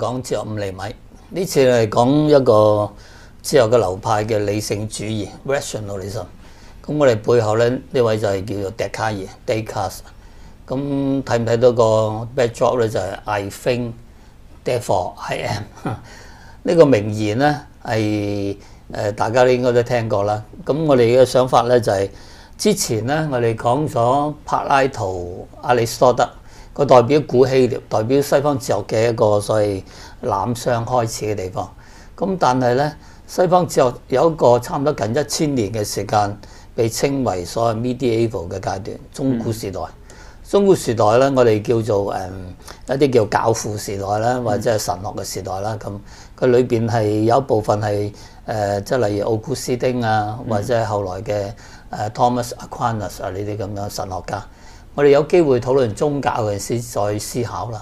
講只有五厘米，呢次嚟講一個之後嘅流派嘅理性主義 （rationalism）。咁我哋背後咧呢位就係叫做笛卡兒 （Descartes）。咁睇唔睇到個 backdrop 咧就係、是、I think, therefore I am。呢個名言咧係誒大家都應該都聽過啦。咁我哋嘅想法咧就係、是、之前咧我哋講咗柏拉圖、阿里斯多德。佢代表古希臘，代表西方哲學嘅一個所謂濫觴開始嘅地方。咁但係呢，西方哲學有一個差唔多近一千年嘅時間，被稱為所謂 Medieval 嘅階段，中古時代。中古時代呢，我哋叫做誒、嗯、一啲叫教父時代啦，或者係神學嘅時代啦。咁佢裏邊係有一部分係誒，即、呃、係例如奧古斯丁啊，或者係後來嘅、呃、Thomas Aquinas 啊呢啲咁樣神學家。我哋有機會討論宗教嗰陣時再思考啦。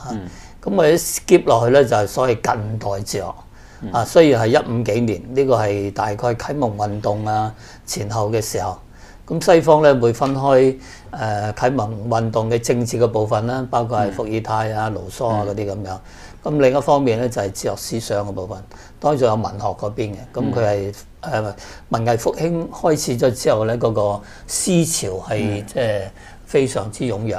咁、嗯、我哋 skip 落去咧就係、是、所謂近代哲學、嗯、啊，雖然係一五幾年呢、這個係大概啟蒙運動啊前後嘅時候。咁西方咧會分開誒啟、呃、蒙運動嘅政治嘅部分啦，包括係伏爾泰啊、嗯、盧梭啊嗰啲咁樣。咁、嗯、另一方面咧就係哲學思想嘅部分，當然仲有文學嗰邊嘅。咁佢係誒文藝復興開始咗之後咧，嗰、那個思潮係即係。嗯，就是非常之踴躍。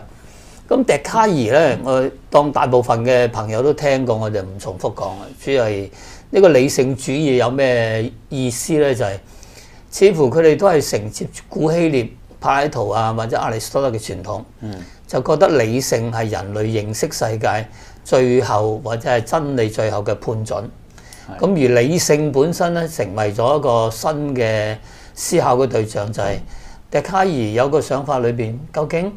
咁笛卡爾咧，我當大部分嘅朋友都聽過，我就唔重複講啦。主要係呢、呢個理性主義有咩意思咧？就係、是、似乎佢哋都係承接古希臘柏拉圖啊，或者亞里斯多德嘅傳統，嗯、就覺得理性係人類認識世界最後或者係真理最後嘅判準。咁的而理性本身咧，成為咗一個新嘅思考嘅對象，就係、是。嗯笛卡兒有個想法裏邊，究竟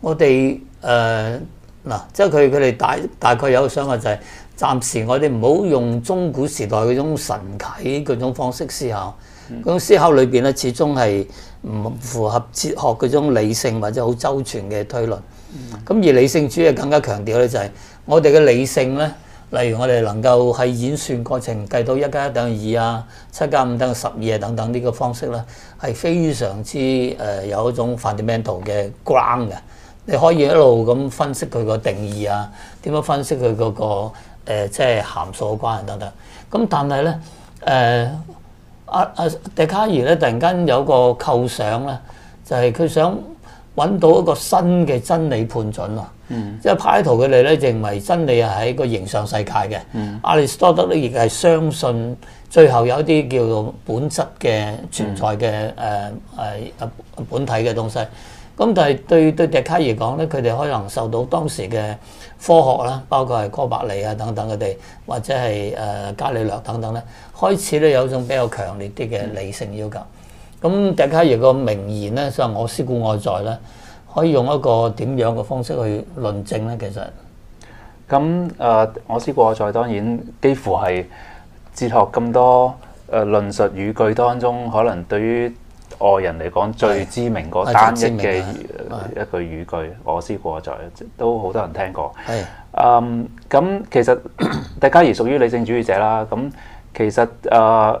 我哋誒嗱，即係佢佢哋大大概有個想法就係，暫時我哋唔好用中古時代嗰種神啟嗰種方式思考，嗰種思考裏邊咧始終係唔符合哲學嗰種理性或者好周全嘅推論。咁而理性主義更加強調咧就係，我哋嘅理性咧。例如我哋能夠喺演算過程計到一加一等於二啊，七加五等於十二啊等等呢、這個方式啦，係非常之誒有一種 fundamental 嘅 ground 嘅。你可以一路咁分析佢個定義啊，點樣分析佢嗰、那個即係函數嘅關係等等。咁但係咧誒阿阿笛卡兒咧突然間有個構想咧，就係、是、佢想。揾到一個新嘅真理判準咯，即係柏拉圖佢哋咧認為真理係喺個形上世界嘅，嗯、阿里斯多德咧亦係相信最後有一啲叫做本質嘅存在嘅誒誒本體嘅東西。咁但係對對笛卡兒講咧，佢哋可能受到當時嘅科學啦，包括係哥白尼啊等等佢哋，或者係誒伽利略等等咧，開始咧有一種比較強烈啲嘅理性要求。嗯咁笛卡兒個名言咧，所謂我思故我在咧，可以用一個點樣嘅方式去論證咧？其實，咁、呃、誒，我思故我在當然幾乎係哲學咁多誒、呃、論述語句當中，可能對於外人嚟講最知名嗰單一嘅一,一句語句，我思故我在都好多人聽過，係是，嗯，咁其實笛 卡兒屬於理性主義者啦。咁其實。誒、呃。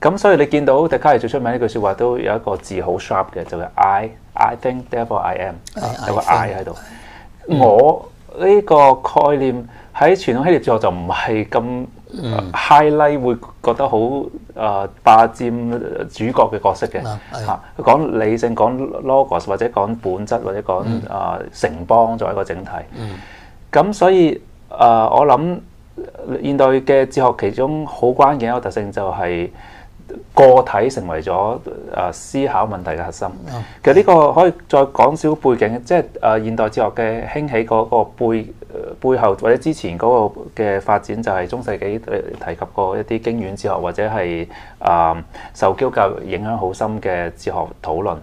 咁所以你見到笛卡兒最出名呢句說話，都有一個字好 sharp 嘅，就係、是、I I think therefore I am，I, I 有個 I 喺度、mm.。我呢個概念喺傳統希臘哲學就唔係咁 highlight，會覺得好誒霸佔主角嘅角色嘅嚇。講、mm. 啊、理性，講 logos 或者講本質，或者講城邦作為一個整體。咁、mm. 所以、呃、我諗現代嘅哲學其中好關鍵一個特性就係、是。個體成為咗誒思考問題嘅核心。其實呢個可以再講少背景，即係誒現代哲學嘅興起嗰個背背後或者之前嗰個嘅發展，就係中世紀提及過一啲經院哲學或者係啊受基督教影響好深嘅哲學討論。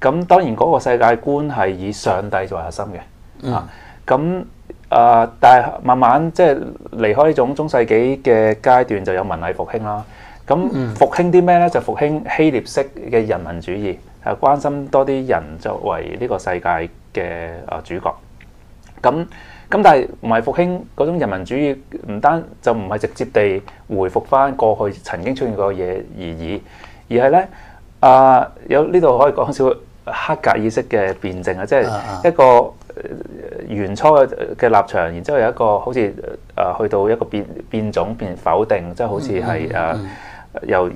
咁當然嗰個世界觀係以上帝作為核心嘅。啊，咁、呃、啊，但係慢慢即係、就是、離開呢種中世紀嘅階段，就有文藝復興啦。咁復興啲咩呢？就復興希臘式嘅人民主義，係關心多啲人作為呢個世界嘅啊主角。咁咁，咁但係唔係復興嗰種人民主義？唔單就唔係直接地回復翻過去曾經出現過嘅嘢而已，而係呢，啊，有呢度可以講少黑格爾式嘅辯證啊，即係一個原初嘅立場，然之後有一個好似啊去到一個變變種變否定，即係好似係啊。嗯嗯嗯。由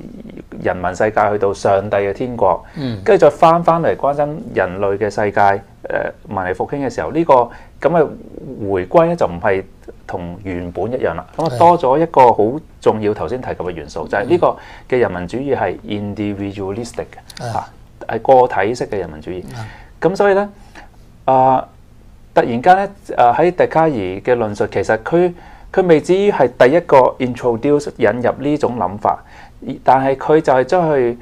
人民世界去到上帝嘅天國，跟住、嗯、再翻翻嚟關心人類嘅世界，誒文藝復興嘅時候，呢、這個咁嘅回歸咧就唔係同原本一樣啦。咁啊、嗯、多咗一個好重要頭先提及嘅元素，嗯、就係呢個嘅人民主義係 individualistic 嘅嚇、嗯，係、啊、個體式嘅人民主義，咁、嗯、所以咧啊、呃，突然間咧誒喺笛卡兒嘅論述，其實佢佢未至於係第一個 introduce 引入呢種諗法。但係佢就係將佢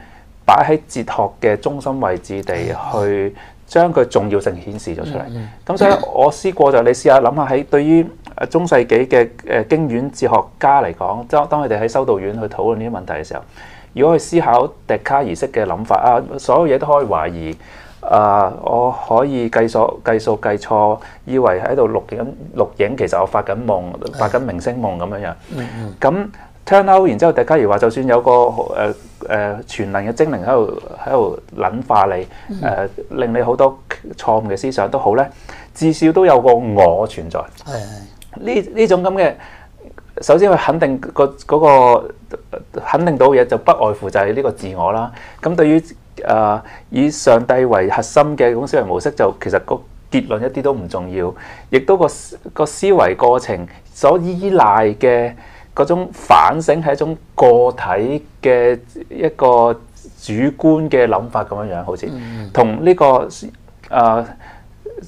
擺喺哲學嘅中心位置地，去將佢重要性顯示咗出嚟。咁所以我試過就係你試下諗下喺對於中世紀嘅誒經院哲學家嚟講，當佢哋喺修道院去討論呢啲問題嘅時候，如果去思考笛卡兒式嘅諗法啊，所有嘢都可以懷疑。誒，我可以計數計數計錯，以為喺度錄影錄影，錄影其實我發緊夢，發緊明星夢咁樣樣。咁 Turn out，然之後，笛卡兒話：就算有個誒誒、呃、全能嘅精靈喺度喺度諗化你，誒、呃、令你好多錯誤嘅思想都好咧，至少都有個我存在。係係的。呢呢種咁嘅，首先去肯定、嗰個嗰肯定到嘢，就不外乎就係呢個自我啦。咁對於誒、呃、以上帝為核心嘅公思維模式，就其實個結論一啲都唔重要，亦都個個思維過程所依賴嘅。嗰種反省係一種個體嘅一個主觀嘅諗法咁樣樣，好似同呢個誒、呃、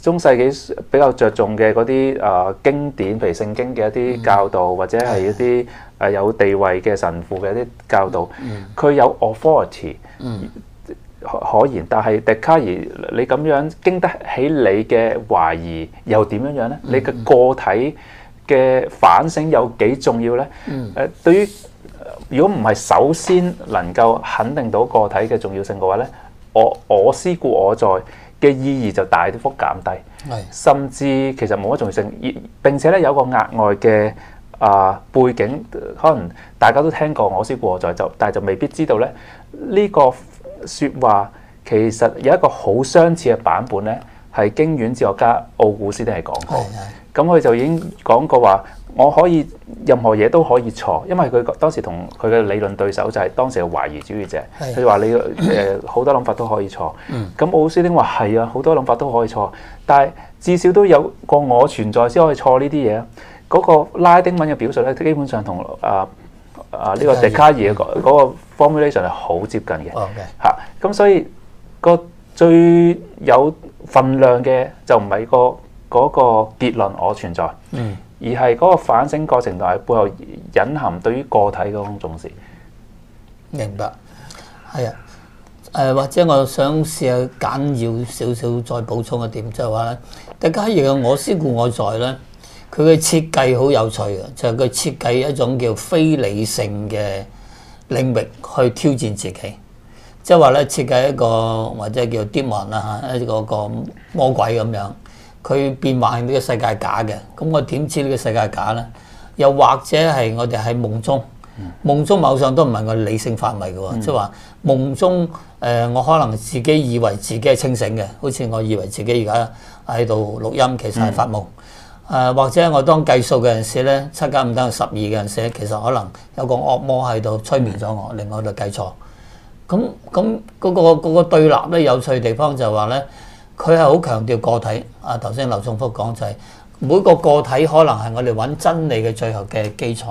中世紀比較着重嘅嗰啲誒經典，譬如聖經嘅一啲教導，或者係一啲誒有地位嘅神父嘅一啲教導，佢、嗯、有 authority、嗯、可可言。但係笛卡兒，你咁樣經得起你嘅懷疑，又點樣樣咧？你嘅個體嘅反省有幾重要呢？誒、嗯呃，對於如果唔係首先能夠肯定到個體嘅重要性嘅話呢，我我思故我在嘅意義就大幅減低，是甚至其實冇乜重要性。而並且呢，有個額外嘅啊背景，可能大家都聽過我思故我在，就但係就未必知道呢。呢、這個說話其實有一個好相似嘅版本呢係經院哲學家奧古斯丁係講過。咁佢就已經講過話，我可以任何嘢都可以錯，因為佢當時同佢嘅理論對手就係當時嘅懷疑主義者，佢話是的 你好、 呃、多諗法都可以錯。咁奧、嗯、斯丁話係啊，好多諗法都可以錯，但係至少都有個我存在先可以錯呢啲嘢。嗰、那個拉丁文嘅表述咧，基本上同啊啊呢、啊這個笛卡兒嘅嗰個 formulation 係好接近嘅。嚇 Okay.、啊，咁所以個最有分量嘅就唔係個。嗰個結論我存在，嗯、而係嗰個反省過程度係背後隱含對於個體嗰種重視。明白，係啊，誒或者我想試下簡要少少再補充一點，就係話咧，大家如果我思故我在咧，佢嘅設計好有趣嘅，就係、是、佢設計一種叫非理性嘅領域去挑戰自己，即係話咧設計一個或者叫 demons 啊，一啲個,個魔鬼咁樣。佢變幻呢個世界假嘅，咁我點知呢個世界假呢？又或者係我哋喺夢中，夢中某上都唔係我理性範圍嘅喎，即係話夢中誒、呃，我可能自己以為自己係清醒嘅，好似我以為自己而家喺度錄音，其實係發夢。誒、嗯呃、或者我當計數嘅陣時候呢，七加五等係十二嘅陣時候，其實可能有個惡魔喺度催眠咗我，嗯、令我喺度計錯。咁咁嗰個嗰、嗰個、對立呢，有趣嘅地方就係話呢。佢係好強調個體，啊頭先劉仲福講就係、是、每個個體可能係我哋揾真理嘅最後嘅基礎，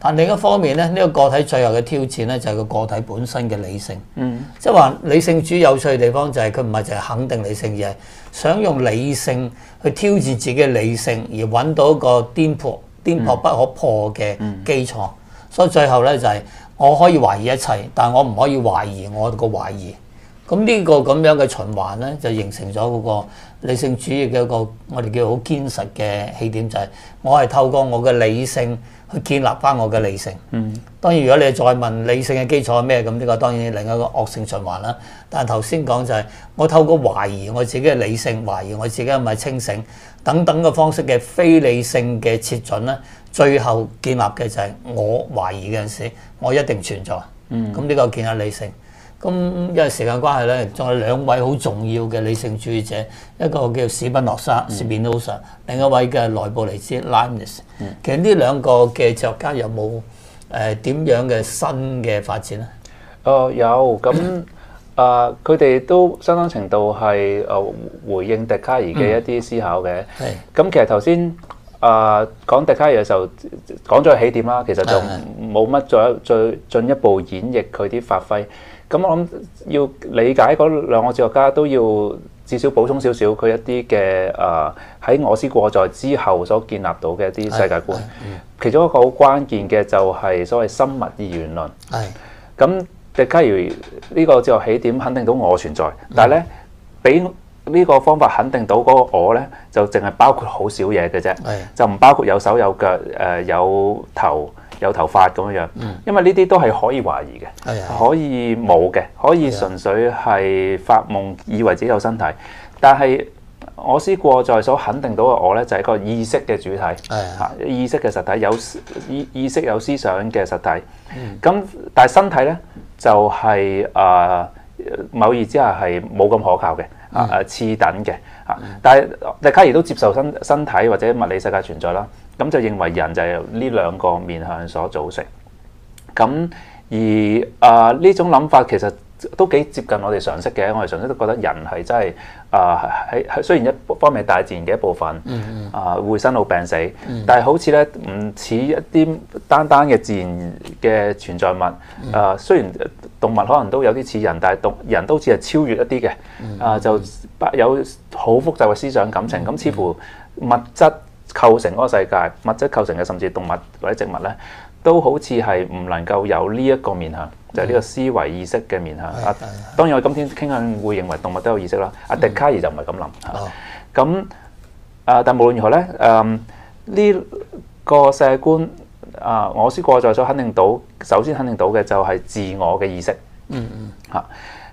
但另一方面咧，呢、這個個體最後嘅挑戰咧就係、是、個個體本身嘅理性，嗯，即係話理性主有趣嘅地方就係佢唔係就係肯定理性，而係想用理性去挑戰自己嘅理性而揾到一個顛破顛撲不可破嘅基礎，嗯嗯、所以最後咧就係、是、我可以懷疑一切，但我唔可以懷疑我個懷疑。咁呢個咁樣嘅循環呢，就形成咗嗰個理性主義嘅一個我哋叫好堅實嘅起點，就係我係透過我嘅理性去建立翻我嘅理性。嗯。當然，如果你再問理性嘅基礎係咩，咁呢個當然另一個惡性循環啦。但係頭先講就係我透過懷疑我自己嘅理性，懷疑我自己係咪清醒等等嘅方式嘅非理性嘅切準呢，最後建立嘅就係我懷疑嘅陣時，我一定存在。嗯。咁呢個建立理性。咁因為時間關係咧，仲有兩位好重要嘅理性主義者，一個叫史賓諾沙 （Spinoza），另一位嘅萊布尼茲 （Leibniz）。其實呢兩個嘅作家有冇誒點樣嘅新嘅發展咧？誒有咁啊！佢哋都相當程度係誒回應笛卡爾嘅一啲思考嘅。係。咁其實頭先啊講笛卡爾嘅時候講咗起點啦，其實就冇乜再再進一步演繹佢啲發揮。咁我諗要理解嗰兩個哲學家，都要至少補充少少佢一啲嘅誒喺我思故我在之後所建立到嘅一啲世界觀。其中一個好關鍵嘅就係所謂心物二元論。係咁，笛卡兒呢個哲學起點肯定到我存在，但係咧俾呢個方法肯定到嗰個我咧，就淨係包括好少嘢嘅啫，就唔包括有手有腳誒有頭。有頭髮咁樣樣，因為呢啲都係可以懷疑嘅，可以冇嘅，可以純粹係發夢，以為自己有身體。但係我思故在所肯定到嘅我咧，就係、是、一個意識嘅主體，意識嘅實體，有意意識有思想嘅實體。咁但係身體咧就係、是、誒、呃、某意義之下係冇咁可靠嘅，啊、呃、次等嘅。啊，但係大家亦都接受身身體或者物理世界存在啦。咁就認為人就係由呢兩個面向所組成。咁而啊呢、呃、種諗法其實都幾接近我哋常識嘅。我哋常識都覺得人係真係啊喺係雖然一方面係大自然嘅一部分，啊、呃、會生老病死，但係好似咧唔似一啲單單嘅自然嘅存在物。啊、呃、雖然動物可能都有啲似人，但係動人都似係超越一啲嘅。啊、呃、就有好複雜嘅思想感情。咁似乎物質。構成嗰個世界，物質構成嘅，甚至動物或者植物咧，都好似係唔能夠有呢一個面向，就係、是、呢個思維意識嘅面向。啊、嗯，當然我今天傾向會認為動物都有意識啦。阿、嗯、笛卡兒就唔係咁諗。哦、嗯。咁啊，但無論如何咧，誒、嗯、呢、這個世界觀啊，我思故我在所肯定到，首先肯定到嘅就係自我嘅意識。嗯嗯。嚇、啊，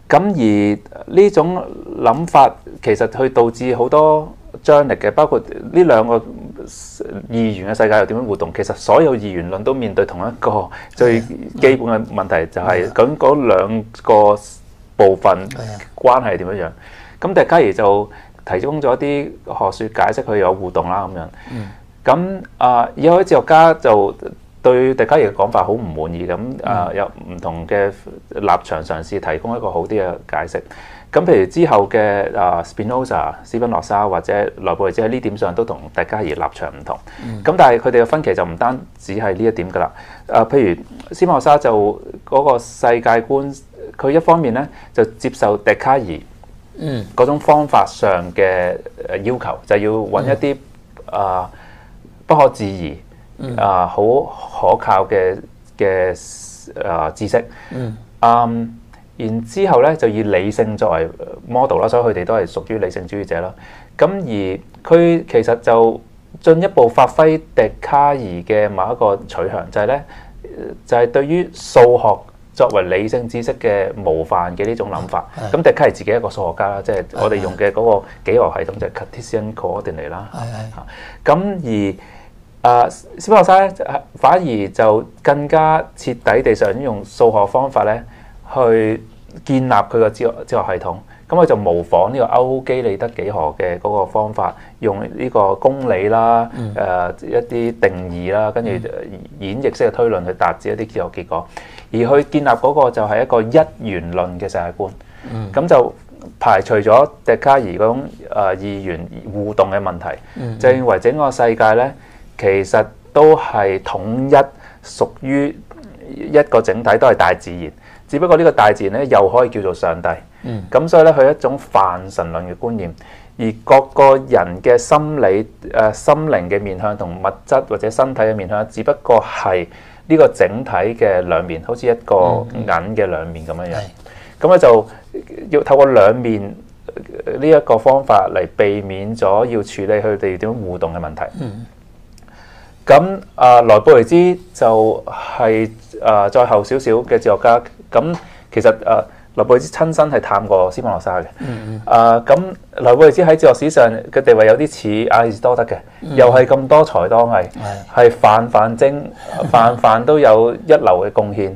咁而呢種諗法其實去導致好多張力嘅，包括呢兩個。二元嘅世界又點樣互動？其實所有二元論都面對同一個最基本嘅問題，就係咁嗰兩個部分關係係點樣樣？咁笛卡兒就提供咗啲學説，解釋佢有互動啦咁樣。咁啊，有啲哲學家就對笛卡兒嘅講法好唔滿意，咁啊，有唔同嘅立場嘗試提供一個好啲嘅解釋。咁譬如之後嘅 Spinoza、斯賓諾莎或者萊布尼茲，或者喺呢點上都同笛卡兒立場唔同。咁、嗯、但係佢哋嘅分歧就唔單止係呢一點噶啦。誒、啊，譬如斯賓諾莎就嗰個世界觀，佢一方面咧就接受笛卡兒嗰種方法上嘅要求，嗯、就要揾一啲啊不可置疑、嗯、啊好可靠嘅嘅啊知識。嗯。啊然之後咧，就以理性作為 model 啦，所以佢哋都係屬於理性主義者啦。咁而佢其實就進一步發揮笛卡爾嘅某一個取向，就係咧，就係對於數學作為理性知識嘅模範嘅呢種諗法。咁笛卡爾自己一個數學家啦，即係我哋用嘅嗰個幾何系統就係 Cartesian coordinate 啦。係咁而啊，斯賓諾莎咧，反而就更加徹底地想用數學方法咧，去建立佢個哲哲學系統，咁佢就模仿呢個歐基利德幾何嘅嗰個方法，用呢個公理啦，誒、嗯呃、一啲定義啦，跟住演繹式嘅推論去達至一啲哲學結果，而去建立嗰個就係一個一元論嘅世界觀。咁、嗯、就排除咗笛卡兒嗰種二元互動嘅問題，嗯嗯、就認為整個世界呢其實都係統一，屬於一個整體，都係大自然。只不過呢個大自然咧，又可以叫做上帝。嗯。咁所以咧，佢係一種泛神論嘅觀念，而各個人嘅心理、誒、呃、心靈嘅面向同物質或者身體嘅面向，只不過係呢個整體嘅兩面，好似一個銀嘅兩面咁樣樣。係、嗯。咁咧就要透過兩面呢一個方法嚟避免咗要處理佢哋點樣互動嘅問題。嗯。咁啊，萊布雷茲就係、是、啊、呃、再後少少嘅哲學家。咁其實啊，萊、呃、布尼茲親身係探過斯賓諾莎嘅。嗯嗯、啊，咁萊布尼茲喺哲學史上嘅地位有啲似亞里斯多德嘅，嗯、又係咁多才多藝，係的泛泛精 泛泛都有一流嘅貢獻。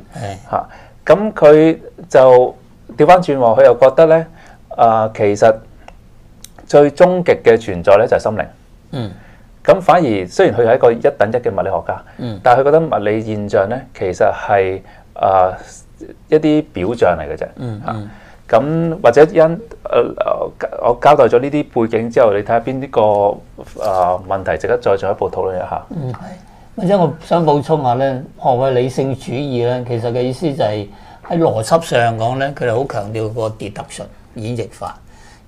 嚇的，咁佢、啊、就調返轉喎，佢又覺得咧啊、呃，其實最終極嘅存在咧就係心靈。嗯，咁反而雖然佢係一個一等一嘅物理學家，嗯、但係佢覺得物理現象咧其實係啊～、呃一啲表象嚟嘅啫，嚇咁、嗯嗯啊、或者因誒、呃、我交代咗呢啲背景之後，你睇下邊啲個誒、呃、問題值得再進一步討論一下。嗯，係。或者我想補充下咧，何謂理性主義咧，其實嘅意思就係、是、喺邏輯上講咧，佢哋好強調個 deduction 演繹法。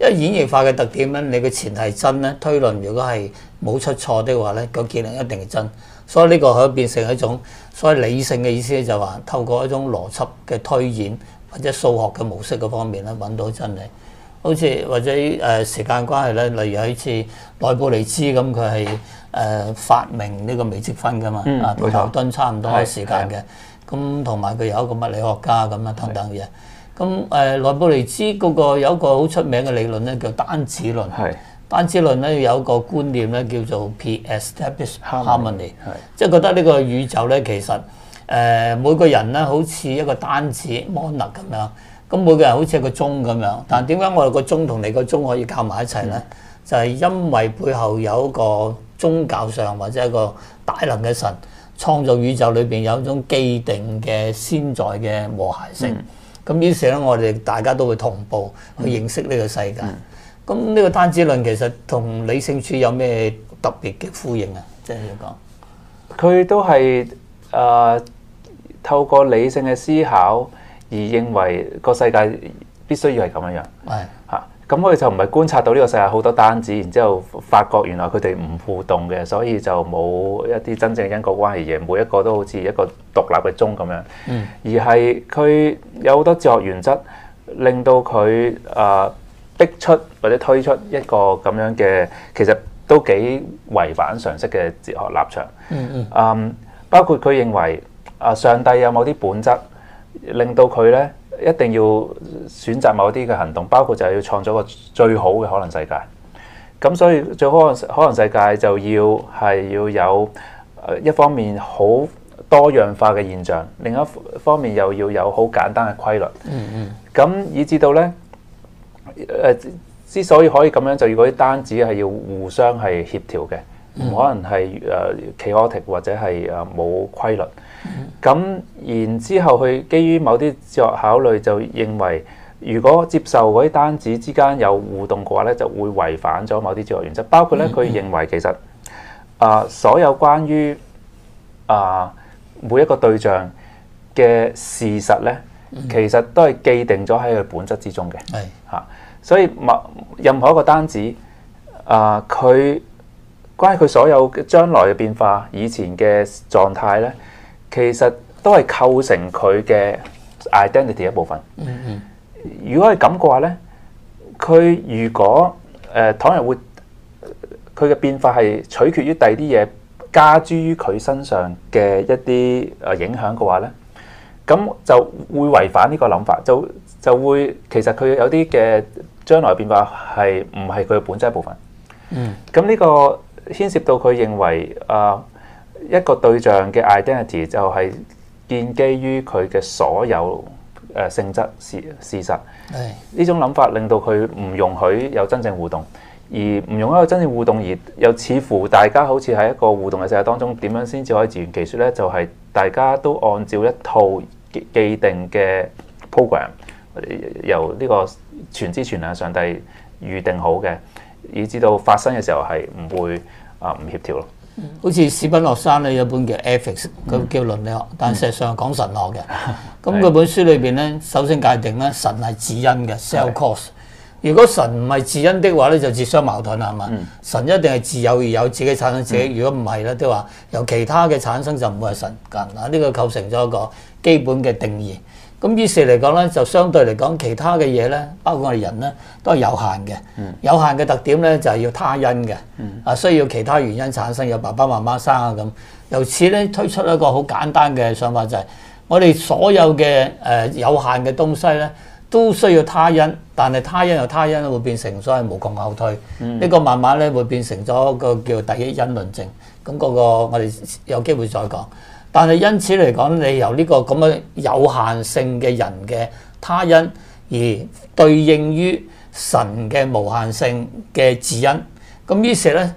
因為演繹法嘅特點咧，你嘅前提係真咧，推論如果係冇出錯的話咧，嗰結論一定係真。所以呢個可以變成一種所謂理性嘅意思咧，就話透過一種邏輯嘅推演或者數學嘅模式嘅方面咧，揾到真理。好似或者誒、呃、時間關係咧，例如好似萊布尼茲咁，佢係誒發明呢個微積分噶嘛，同牛頓差唔多時間嘅。咁同埋佢有一個物理學家咁啊等等嘅。咁誒萊布尼茲嗰個有一個好出名嘅理論咧，叫單子論。班之論咧有一個觀念咧叫做 pre-established harmony，即係覺得呢個宇宙咧其實誒、呃、每個人咧好似一個單子摩納咁樣，咁每個人好似一個鐘咁樣。但點解我哋個鐘同你個鐘可以校埋一齊咧？是的就係因為背後有一個宗教上或者一個大能嘅神創造宇宙裏邊有一種既定嘅先在嘅和諧性。咁的於是咧我哋大家都會同步去認識呢個世界。咁呢個單子論其實同理性主義有咩特別嘅呼應啊？即係點講？佢都係誒透過理性嘅思考而認為個世界必須要係咁樣樣。係嚇，咁我哋就唔係觀察到呢個世界好多單子，然之後發覺原來佢哋唔互動嘅，所以就冇一啲真正嘅因果關係嘅。每一個都好似一個獨立嘅鐘咁樣，嗯、而係佢有好多哲學原則令到佢誒。呃逼出或者推出一個咁樣嘅，其實都幾違反常識嘅哲學立場。嗯嗯。包括佢認為啊，上帝有某啲本質，令到佢一定要選擇某啲嘅行動，包括就係要創造個最好嘅可能世界。咁所以最好可能世界就要係要有一方面好多樣化嘅現象，另一方面又要有好簡單嘅規律。嗯嗯。咁以至到呢。之所以可以咁樣，就如、是、果單子係要互相係協調嘅，唔可能係誒 c h 或者係誒冇規律。咁然之後，佢基於某啲哲學考慮，就認為如果接受嗰啲單子之間有互動嘅話咧，就會違反咗某啲哲學原則。包括咧，佢認為其實啊、呃，所有關於啊、呃、每一個對象嘅事實咧，其實都係既定咗喺佢本質之中嘅。係嚇。所以任何一個單子，啊、呃，佢關於佢所有嘅將來嘅變化、以前嘅狀態咧，其實都係構成佢嘅 identity 一部分。Mm hmm. 如果係咁嘅話咧，佢如果誒，倘、呃、人會佢嘅變化係取決於第二啲嘢加諸於佢身上嘅一啲誒影響嘅話咧，咁就會違反呢個諗法，就就會其實佢有啲嘅。將來變化係唔係佢嘅本質一部分？嗯，咁呢個牽涉到佢認為、呃、一個對象嘅 identity 就係建基於佢嘅所有、呃、性質事事實。呢唉種諗法令到佢唔容許有真正互動，而唔容許有真正互動，而又似乎大家好似喺一個互動嘅世界當中，點樣先至可以自圓其説呢？就係、是、大家都按照一套既定嘅 program 由呢、這個。全知全能上帝預定好嘅，以致到發生嘅時候係唔會啊唔、呃、協調咯。好似史賓諾沙咧，有本叫《Ethics》，佢叫倫理學，嗯、但實際上講神學嘅。咁佢本書裏邊咧，是的 首先界定咧，神係自因嘅 self cause。是的 如果神唔係自因的話咧，就自相矛盾啦。係咪、嗯、神一定係自有而有自己產生自己。嗯、如果唔係咧，都話由其他嘅產生就唔會係神。咁啊，呢個構成咗一個基本嘅定義。咁於是嚟講咧，就相對嚟講，其他嘅嘢咧，包括我哋人咧，都係有限嘅。嗯、有限嘅特點咧，就係、是、要他因嘅，啊、嗯、需要其他原因產生，有爸爸媽媽生啊咁。由此咧推出一個好簡單嘅想法就係、是，我哋所有嘅、呃、有限嘅東西咧，都需要他因，但係他因有他因會變成所謂無窮後退。呢、嗯、個慢慢咧會變成咗個叫第一因論證。咁嗰個我哋有機會再講。但係因此嚟講，你由呢個咁樣有限性嘅人嘅他因，而對應於神嘅無限性嘅自因。咁於是咧，呢、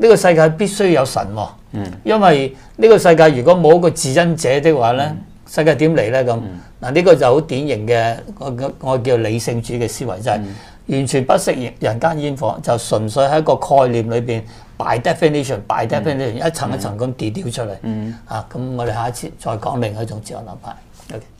這個世界必須有神、哦。嗯。因為呢個世界如果冇一個自因者的話咧，世界點嚟咧咁？嗱，呢個就好典型嘅我我我叫理性主義嘅思維就係、是。完全不適應人間煙火，就純粹喺一個概念裏面。by definition，by definition，By definition、嗯、一層一層咁跌掉出嚟。嗯、啊，咁我哋下一次再講另一種自我諗法。嗯 okay.